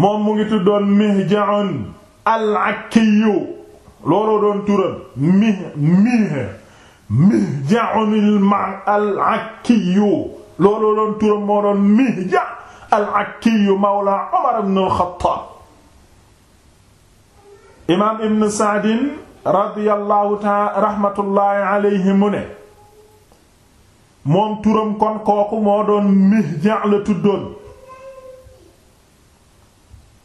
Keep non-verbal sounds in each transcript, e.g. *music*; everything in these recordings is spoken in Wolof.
moom mu ngi tuddoon Mihja'un al-Akkiyu looloo doon turam Mihja' al-Akkiyu mawla Umar ibn al imaam Ibn Sa'din radiyallahu ta'ala rahmatullahi alayhi mu ne moom turam kon moo doon Mihja' la tuddoon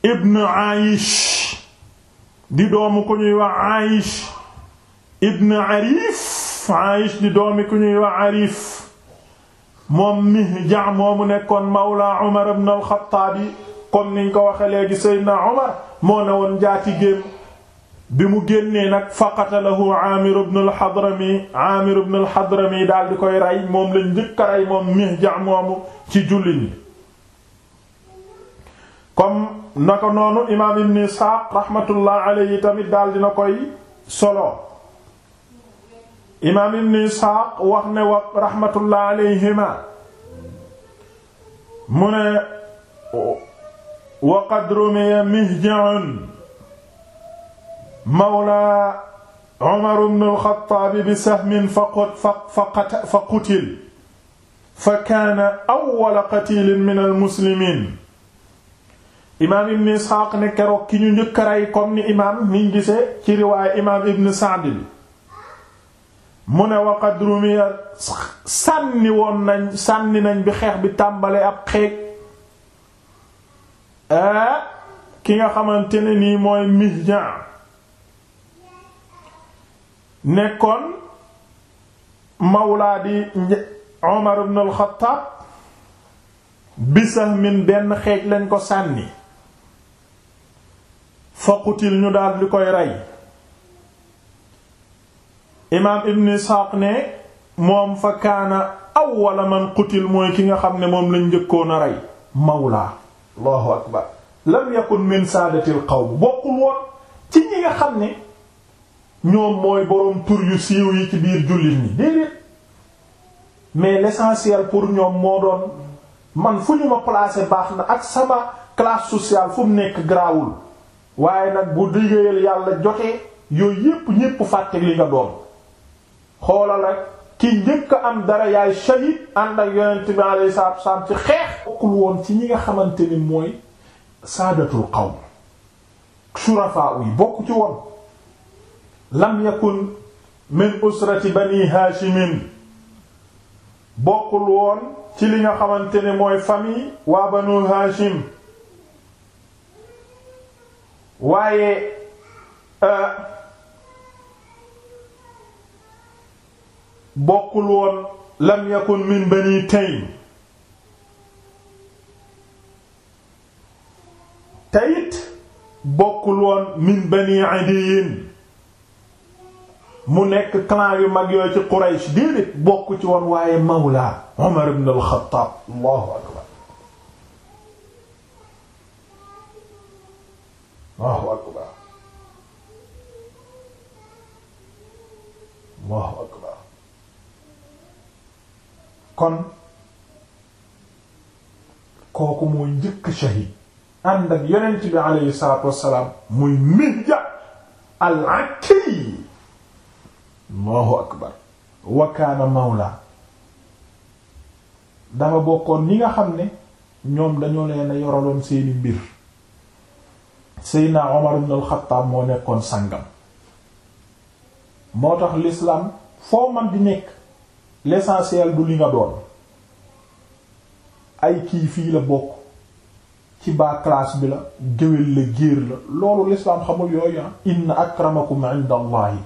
ibn Aish di doomu ku ñuy wax Aish ibn Arif moom Mihja moomu nekkoon mawla Umar ibn al-Khattab niñ ko waxe léegi Seydina Umar moo ne woon njaatigéem bi mu génnee nag faqatalahu Amir ibn al Amir ibn al daal di koy rey moom lañ njëkk rey moom Mihja moomu ci jullit ñi comme naka noonu imaam ibn isxaaq rahmatullah alayhi tamit daal dina koy solo imaam ibn isxaaq wax ne wa rahmatullah alayhima mu ne wa qad rumiya mihja'un mawla Umar ibn al-Khattab bi sahmin fa qutil fa kaana awwala qatilin min al-muslimin imaam ibn Isxaaq ne keroog ki ñu njëkk a rey comme ni imaam niñ gisee ci riwaaye imaam ibn Sa'd mu ne wa qad sànni woon nañ sànni nañ bi xeex bi tàmbalee ab xeej eh, ki nga xamante ne nii mooy Mihjan nekkoon mawlaa di Umar ibn al-Khattab min benn xeej lañ ko sànni foqutil ñu daal di koy rey imaam ibn isxaaq ne moom fa kaana awwala man qutil mooy ki nga xam ne moom lañ njëkkoon a rey mawlaa allahu akbar lam yakun min saadatil qawm bokkul woon ci ñi nga xam ne ñoom mooy boroom tur yu siiw yi ci biir jullit ñi déedéet mais l'essentiel pour ñoom moo doon man fu ñu ma placer baax na ak sama classe sociale fu mu nekk garaawul waaye nag bu liggéeyal yàlla jotee yooyu yépp ñépp fàtte li nga doon xoolal rek ki njëkk am dara yaay shahid ànd ci xeex bokkul woon ci ñi nga xamante ni mooy saadatul qawm shurafa yi bokk ci woon lam yakun min usrati bani haashimin bokkul woon ci li nga xamante ne mooy famille waa banu haashim waaye euh, bokkul woon lam yakun min bani Taym te it bokkul woon min bani Adiyin mu nekk clan yu mag yooyu ci Quraysh déedéet bokk ci woon waaye mawla Umar ibn al-Khattab Allahu akbar Allahu akbar Allahu akbar kon kooku mooy njëkk shahid ànd ak yonent bi alayhi salaatu wassalaam muy Mihja al-Akki Allahu akbar wa kaana mawla dafa bokkoon ñi nga xam ne ñoom dañoo leen yoraloon seeni mbir Seydina Omar ibn al moo nekkoon sangam moo tax l'islam foo man di nekk l'essentiel du li nga doon ay kii fii la bokk ci baa classe bi la géwél la géer la loolu l'islam xamul yooyu ah. inna akramakum inda allahi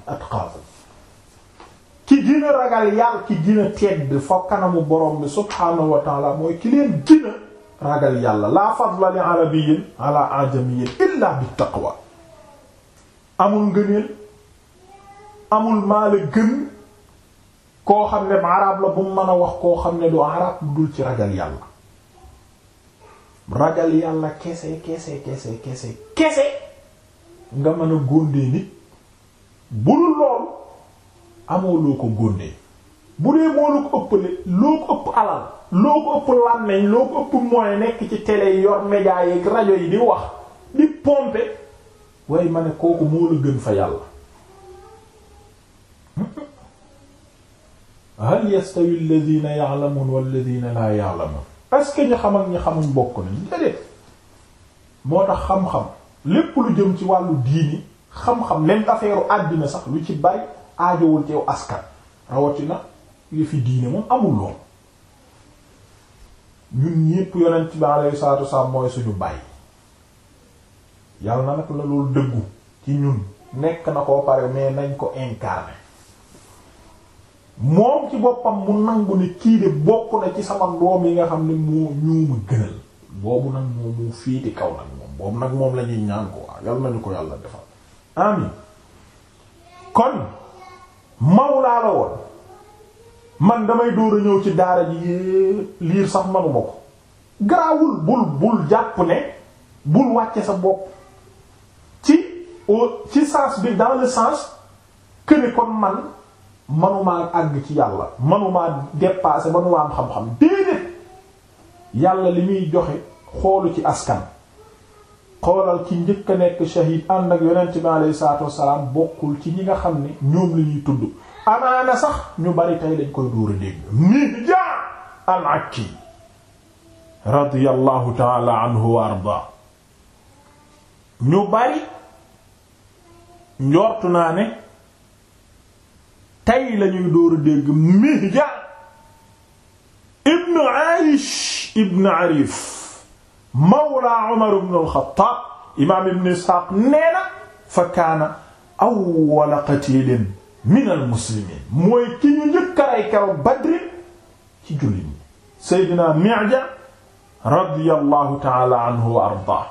ki gën ragal yàlla ki gën tedd fa kanamu borom bi subhaanahu wa mooy ki leen gën ragal yàlla laa fadla li arabiyyin ala ajamiyyin illa bi taqwa amul ngëneel amul maa gën koo xam ne arab la bu mën a wax koo xam ne du arab lu dul ci ragal yàlla ragal yàlla kese kese kese kese kese nga mën a góndee nit bu dul loolu amoo loo ko góndee bu dee moo la ko ëppale loo ko ëpp alal loo ko ëpp làmmeñ loo ko ëpp mooy nekk ci télé yor média yi rajo yi di wax di pompe waaye ma ne kooku moo la gën fa yàlla *laughs* hal yastawi alladhina ya'lamun walladhina la ya'lamun est-ce que xam ak ñu xamuñ bokk nañ déedéet moo tax xam-xam lépp lu jëm ci wàllu diini xam-xam même affaire àddina sax lu ci bari aajowul ci yow askan rawatina yëfi diine moom amul lool ñun ñépp ci bi alayhi salaatu wasallam mooy suñu baay yàlla na nag la loolu dëggu ci ñun nekk na koo pare mais nañ ko incarner moom ci boppam mu nangu ne kii de bokk na ci sama doom yi nga xam ne moo ñu gënal boobu nag moom mu féete kaw nag moom boobu nag moom lañuy ñuy ñaan ko waa yàlla nañu ko yàlla defal amin kon mawlaa la woon man damay dóor a ñëw ci daara ji liir sax manuma ko garaawul bul bul jàpp ne bul wàcce sa bopp ci ci sens bi dans sans sens que ne man manumaa àgg ci yàlla manumaa dépasser manumaa am xam-xam déedéet yàlla li muy joxe xoolu ci askan xoolal ci njëkk a nekk shahid ànd ak yonent bi alayhi salaatu wassalaam bokkul ci ñi nga xam ni ñoom la ñuy tudd amaana sax ñu bari tey lañ koy dóor a dégg Mihjaan al-Akki radiyallahu ta'ala anhu wa arda ñu bari njortu naa ne tey lañuy dóor a dégg Mihjaan ibn Arish ibn Arif mawla Umar ibn al-Khattab imaam ibn Isxaaq nee na fa kaana awwala qatiilin minal muslimin mooy ki ñu njëkk a rey keroog Badr ci jullit ñi Seydina Mi'ja radiyallahu ta'ala anhu wa ardaa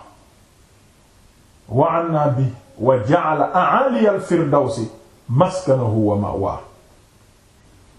wa anna bi wa ja'ala a'ali al-firdawsi maskanahu wa ma'waahu